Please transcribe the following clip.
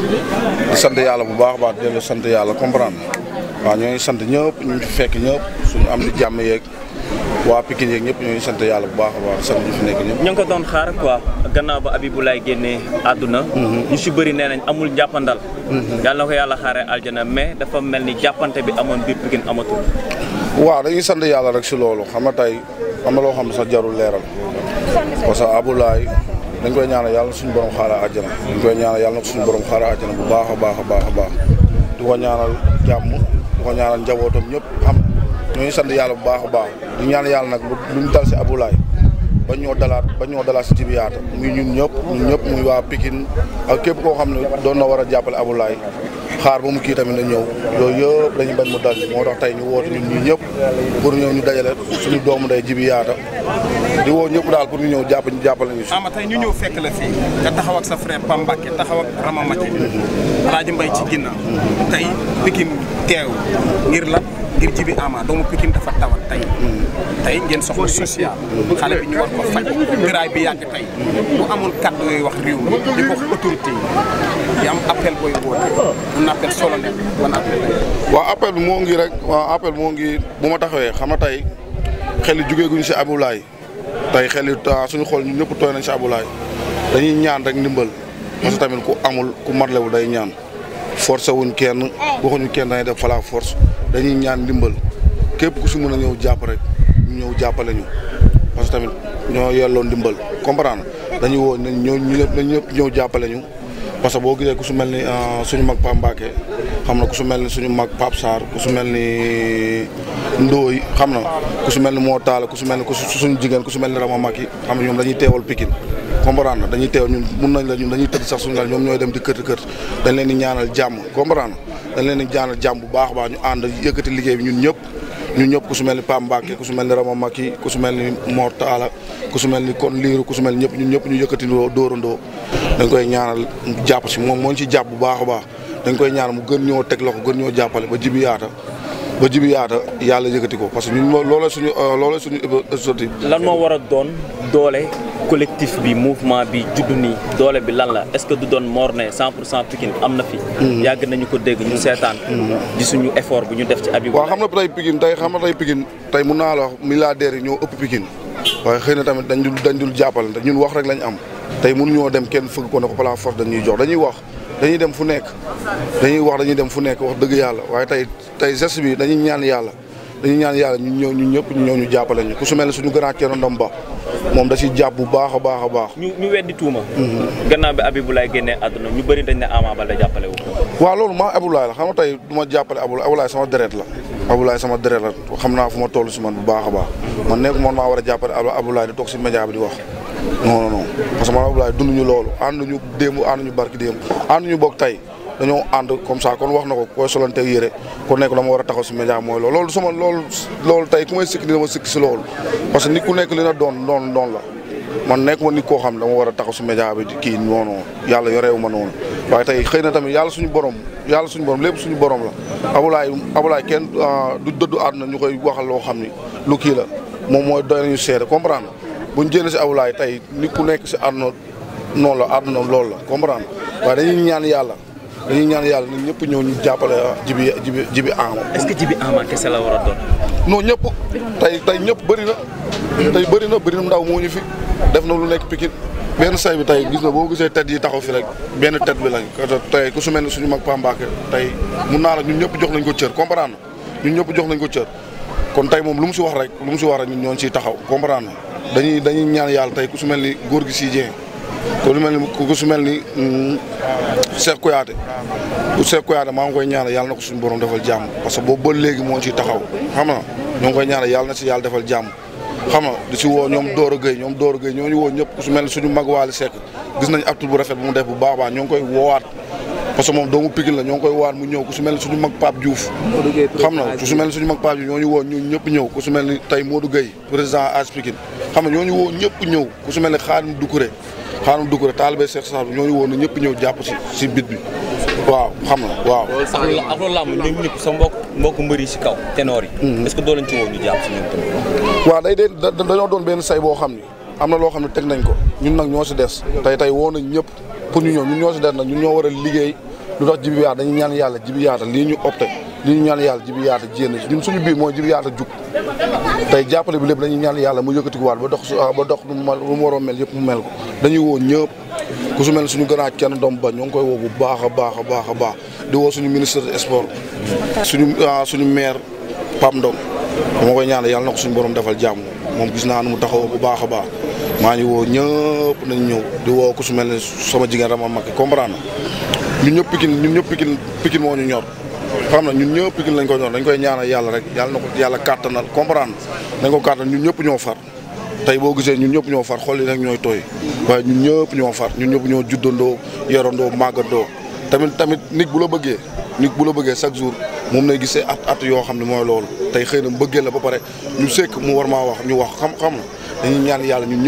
di sant yàlla bu baax baax dellu sant yàlla comprendre waaw ñoo ngi sant ñëpp ñu fi fekk ñëpp suñu am di jàmm yeeg waa Pikine yeeg ñëpp ñoo ngi sant yàlla bu baax a baax sant ñu fi nekk ñëpp. ñoo ngi ko doon xaar quoi gannaaw ba Abiboulaye génnee àdduna. Mhm. ñu si bari nee nañ amul jàppandal. Mhm. yàlla na ko yàlla xaaree aljana mais dafa mel ni jàppante bi amoon biir Pikine amatul. waa dañuy sant yàlla rek si loolu xam nga tey am na loo xam ne sax jarul leeral parce que dañ koy ñaanal yàlla suñu borom xaaral àjjana dañ koy ñaanal yàlla suñu borom xaaral àjjana bu baax a baax a baax a baax di ko ñaanal jàmm di ko ñaanal njabootam ñëpp xam ñooñu sant yàlla bu baax baax di ñaan yàlla nag lu ñu dal si abulaay ba ñoo dalaat ba ñoo dalaat si jibiyaata muy ñun ñëpp ñun ñëpp muy waa Pikine ak képp koo xam ne doon na war a jàppale abulaay xaar ba mu kii tamit na ñëw yooyu yëpp dañu bañ mu dal moo tax ñu woote ñun ñii ñëpp pour ñëw ñu dajale suñu doomu day jibiyaata di wo ñëpp dal pour ñu ñëw japp ñu jappal ñu am ama ñu ñëw fekk la fi ta taxaw ak sa frère Pam Mbacké taxaw ak Rama Mbacké Alaaji Mbay ci ginnaaw tay pikim teew ngir la ngir jibi ama mu pikim dafa tawat tay tay ngeen soxla social xale bi ñu war ko fajj graay bi yàgg tay bu amul cadeau yooyu wax réew di ko autorité di am appel booy woote un appel solo ne man appel wa appel mo ngi rek wa appel mo ngi buma taxawé xama tay xeli jugé guñ ci abou lay tey xel yi suñu xool ñu ñëpp tooy nañ si dañuy ñaan rek ndimbal parce que tamit ku amul ku matlewul day ñaan forcé wuñ kenn waxuñu kenn dañuy def fala force dañuy ñaan ndimbal képp ku si mën a ñëw jàpp rek ñëw jàppale ñu parce que tamit ñoo yelloo ndimbal comprendre dañuy woo nañ ñoo ñëw jàppale ñu parce que boo gisee ku su mel ni euh, suñu mag Pam Mbacké xam na ku su mel ni suñu mag Pape Sarr ku su mel ni Ndooy xam na ku su mel ni moo taala ku su mel ni ku suñu jigéen ku su mel ni Rama Maki xam na ñoom dañuy teewal Pikine comprendre dañuy teew ñun mun nañ la ñun dañuy tëdd sax suñu lal ñoom ñooy dem kër kër dañ leen di jàmm comprendre na leen di ñaanal jàmm bu baax a baax ñu ànd yëkkati liggéey bi ñun ñëpp ñun ñëpp ku su ni Pam Mbacke ku su mel ni Rama Maki ku su mel ni Mor Talla ku su mel ni kon liiru ku su mel ni ñëpp ñun ñëpp ñu yëkkati dóorandoo dañ koy ñaanal jàpp si moom mooñ ci jàpp bu baax a baax dañ koy ñaar mu gën ñoo teg loxo gën ñoo jàppale ba jibi yaata ba jibi yaata yàlla yëkkati ko parce que ñun looloo suñu euh, looloo suñu objectif. lan moo war a doon doole collectif bi mouvement bi juddu nii doole bi lan la est-ce que du doon Morne 100 pour cent Pikine am na fi. Mm-hmm. yàgg nañu ko dégg ñu seetaan. Mm-hmm. di suñu effort bu ñu def ci Habib. waaw xam nga tey xam na tey Pikine tey mun naa la wax milliardaires yi ñoo ëpp Pikine waaye xëy na tamit dañ dul dañ dul jàppale ñun wax rek lañ am tey mënuñoo dem kenn fëgg ko ne ko par la force dañuy jox dañuy dañuy dem fu nekk dañuy wax dañuy dem fu nekk wax dëgg yàlla waaye tey tey geste bi dañuy ñaan yàlla dañuy ñaan yàlla ñu ñëw ñu ñëpp ñu ñëw ñu jàppale ñu ku su mel ne suñu grand Thierno Ndom Ba moom da ciy jàpp bu baaxa a baax a baax. ñu ñu weddi tuuma. Mhm. gannaaw bi Abibulaay génnee àdduna ñu bëri dañ ne Ama Baldé jàppale wu. waaw loolu maa Abulaay la xam nga tey du ma jàppale Abulaay sama deret la. Abulaay sama deret la xam naa fu ma toll si man bu baax a baax. man nekk man maa war a jàppale Abulaay di toog média bi di wax. non non parce que man Abdoulaye dunduñu loolu ànduñu démb ànduñu barki démb ñu bokk tey dañoo ànd comme ça kon wax na ko ko solante yére ko nekk dama war a taxaw si média mooy loolu loolu sama loolu loolu tey ku may sikk si loolu parce que nit ku nekk li na doon doon doon la man nekk ma koo xam dama war a taxaw si média bi kii noonu yàlla yoreewu ma noonu waaye tey xëy na tamit yàlla suñu borom yàlla suñu borom lépp suñu borom la Abdoulaye Abdoulaye kenn ah, du dëddu àdduna ñu koy waxal loo xam ni lu kii la moom mooy doy nañu seere comprendre buñ jëlee si awlaay tey ni ku nekk si àdduna noonu la àdduna loolu la comprendre waaye dañuy ñaan yàlla dañuy ñaan yàlla ñun ñëpp ñëw ñu jàppale jibi jibi jibi ama. est-ce que jibi ama kese la war a doon. non ñëpp tey tey ñëpp bëri na. tey bëri na bëri na ndaw moo ñu fi def na lu nekk Pikine benn say bi tey gis na boo gisee tet yi taxaw fi rek benn tet bi lañ tey ku su mel ne suñu mag Pambaake tey mun naa la ñun ñëpp jox nañ ko cër comprendre na ñun ñëpp jox nañ ko cër kon tey moom lu mu si wax rek lu mu si wax rek ñun ñoo ciy taxaw comprendre na dañuy dañuy ñaan yàlla tey ku su mel ni góor gi si Dieng ku su mel ni ku su mel ni mm, Cheikh Kouyaté bu Cheikh Kouyaté koy ñaanal yàlla na ko suñu borom defal jàmm parce que boobu ba léegi moo ci taxaw xam na ñoo ngi koy ñaanal yàlla na si yàlla defal jàmm xam na di si woo ñoom Doro Gueye ñoom door Doro Gueye ñu woo ñëpp ku su ni suñu mag Waly Seck gis nañ acte bu rafet bu mu def bu baabaa baax ñoo ngi koy woowaat parce que moom doomu Pikine la ñoo ngi koy waan mu ñëw ku su mel ni suñu mag Pape Diouf xam na ku su mel ni suñu mag Pape Diouf ñoo ñu woo ñu ñëpp ñëw ku su mel ni tey Modou Gueye président AS Pikine xam na ñoo ñu woo ñëpp ñëw ku su mel ni Xaadim Dukure Xaadim Dukure taalibe Cheikh Sarr ñoo ñu woon na ñëpp ñëw jàpp si si bit bi waaw xam na waaw. ak loolu làmb ñoom ñëpp sa mbokk mbokk mbër yi si kaw ténor yi. Mhm. est-ce que doo jàpp si ñoom tamit. waaw day day dañoo doon benn say boo xam ni am na loo xam ne teg nañ ko ñun nag ñoo si des tey tey woo nañ ñëpp pour ñu ñëw ñun ñoo si def nag ñun ñoo war a liggéey lu tax jibi yaata dañuy ñaan yàlla jibi yaata lii ñu opté lii ñu ñaan yàlla jibi yaata jénn ñun suñu biir mooy jibi yaata jug tey jàppale bi lépp dañuy ñaan yàlla mu yëkkatikuwaat ba dox ah, ba dox lu mu waroon mel yëpp mu mel ko dañuy woo ñëpp ku su mel suñu gënaa kenn doom ba ñoo ngi koy woo bu baax a baax a baax a baax di woo suñu ministre des sports suñu ah, suñu maire Pape Ndong moo koy ñaan yàlla na suñu borom defal jàmm moom gis naa nu mu taxawoo bu baax a baax maa ngi woo ñëpp nañ ñew di wo ku su melni sama jigen rama makki comprendre ñun ñepp pikin ñun ñepp pikin pikin mo ñu ñor xam na ñun ñepp pikin lañ ko ñor dañ koy ñaanal yalla rek yalla nako yalla katanal comprendre dañ ko kàttanal ñun ñepp ñoo far tay bo gisee ñun ñepp ñoo far xol li nak ñoy toy way ñun ñepp ñoo far ñun ñepp ñoo juddondo yorondo magado tamit tamit nit bu la bëgge nit bu la bëgge chaque jour mom lay gisee at at yo xam moy lool tay xeyna xëy la ba pare ñu sék mu war ma wax ñu wax xam-xam dañuy ñaan yalla ñun